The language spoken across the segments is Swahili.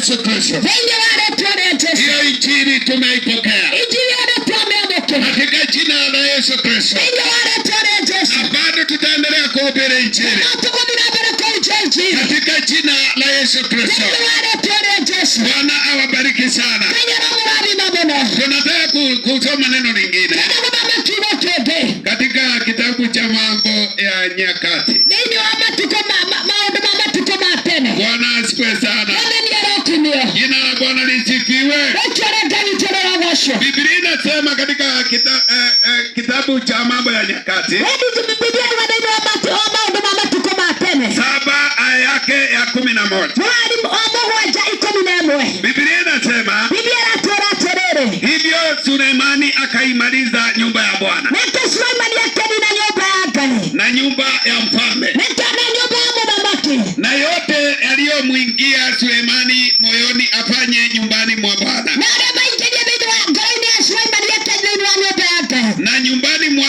Yesu Kristo. Hiyo injili tumeipokea katika jina la Yesu Kristo, na bado tutaendelea kuhubiri injili katika jina la Yesu Kristo. Bwana awabariki sana. Tunataka kusoma neno lingine katika kitabu cha Mambo ya Nyakati. mafundisho. Biblia inasema katika kita, eh, eh, kitabu cha Mambo ya Nyakati saba aya yake ya kumi na moja Biblia inasema hivyo Sulemani akaimaliza nyumba ya Bwana na nyumba ya mfalme na yote yaliyomwingia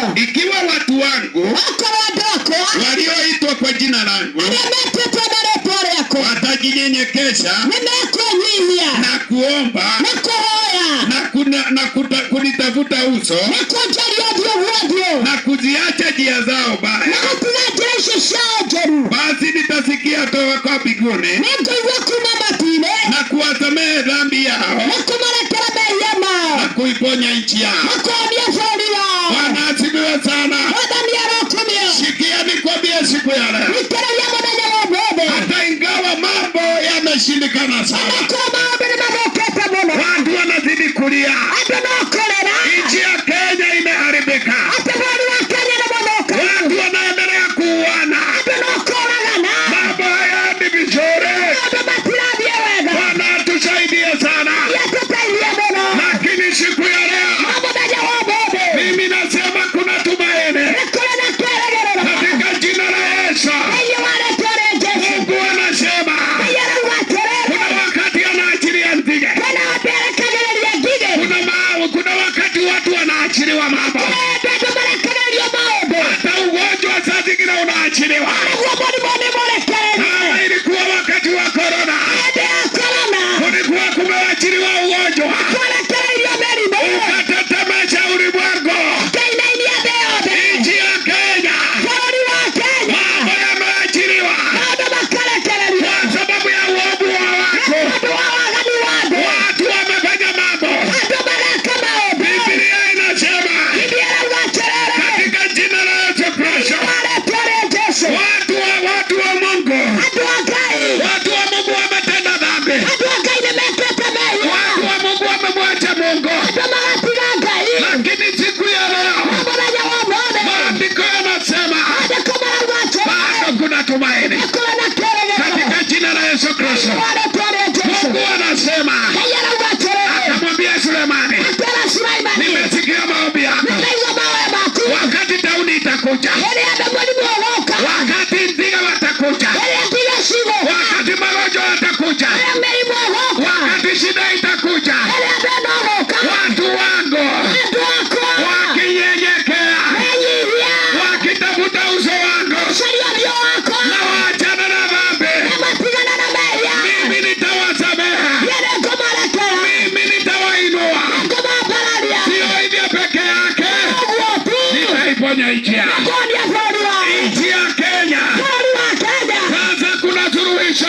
Haleluya. Ikiwa watu wangu wako wadogo walioitwa kwa jina langu wamepotoka barabara yako na kuomba na kuhoya na, kuna, na kuta, kunitafuta uso na kujalia vyovyote na kuziacha njia zao baya na kuziacha zao jeru, basi nitasikia toka kwa mbinguni na kuwasamehe dhambi yao na kuiponya nchi yao na kuambia siku ya leo, hata ingawa mambo yanashindikana sana, watu wanazidi kulia wanaonaachiliwa Mungu anasema akamwambia Sulemani, nimesikia maombi yako. Wakati tauni itakuja, wakati nzige watakuja, wakati magonjwa yatakuja, wakati shida itakuja Kenya, nchi ya Kenya. Sasa kuna suluhisho,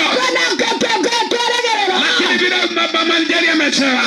lakini vile mama Manjeri amesema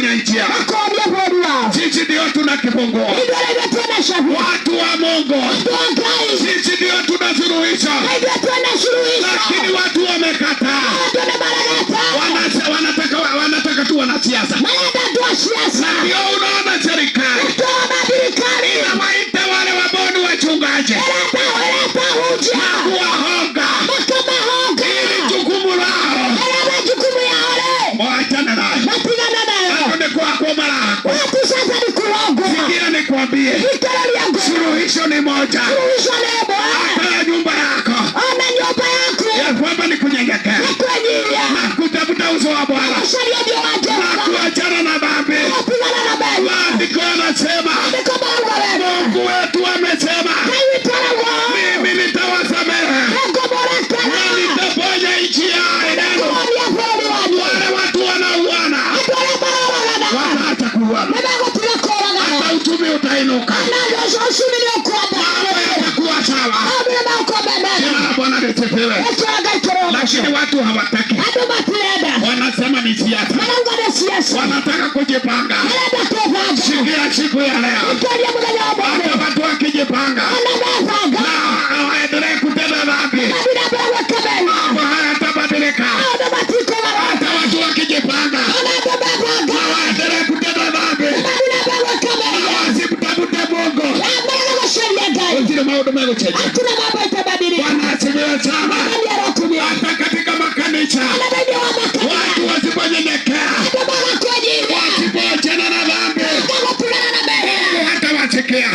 kwenye nchi yako. Sisi ndio tunakipongoa, watu wa Mungu, sisi ndio tunasuluhisha, lakini watu wamekataa, wanataka tu wanasiasa nikwambie, suluhisho ni moja ambayo nyumba yako ya kwamba ni kunyenyekea na kutafuta uso wa Bwana na kuachana na dhambi. Maandiko yanasema Mungu wetu amesema lakini watu hawataki, wanasema ni siasa, wanataka kujipanga. Sikia siku ya leo, hata watu wakijipanga waendelee kutenda dhambi, mambo hayatabadilika. Hata watu wakijipanga waendelee kutenda dhambi, wasimtafute Mungu, usiri maundu megũcenjia kuacha, watu wasiponyenyekea, wasipoachana na dhambi, hata wasikia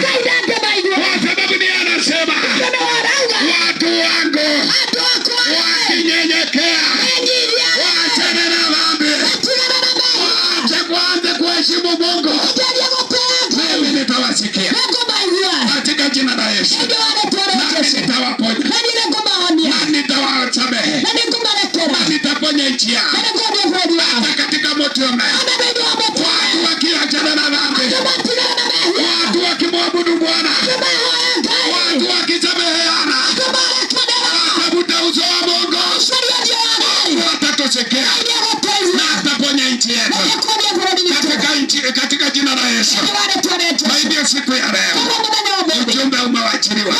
tuombee, watu wakiachana dhambi, watu wakimwabudu Bwana, watu wakisameheana, watavuta uso wa Mungu, watatusikia na ataponya nchi yetu katika jina la Yesu. Baidia siku ya leo ujumbe umewachiliwa,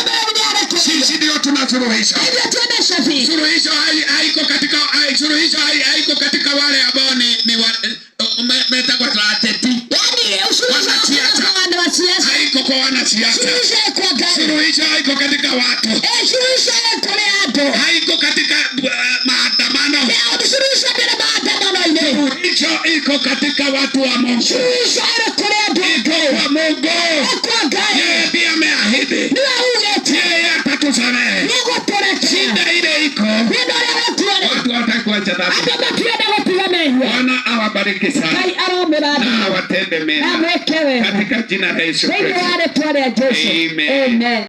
sisi ndio tunasuluhisha. Suluhisho haiko katika wale ambao kwa wanasiasa, suluhisho haiko katika watu, haiko katika uh, maandamano, suluhisho iko katika watu wa Mungu, iko kwa Mungu. Yeye ndiye ameahidi, yeye atatusamehe shida ile iko watu watakuacha dhambi awabariki sana na awatende ah, mema katika jina la Yesu Kristo. Amen.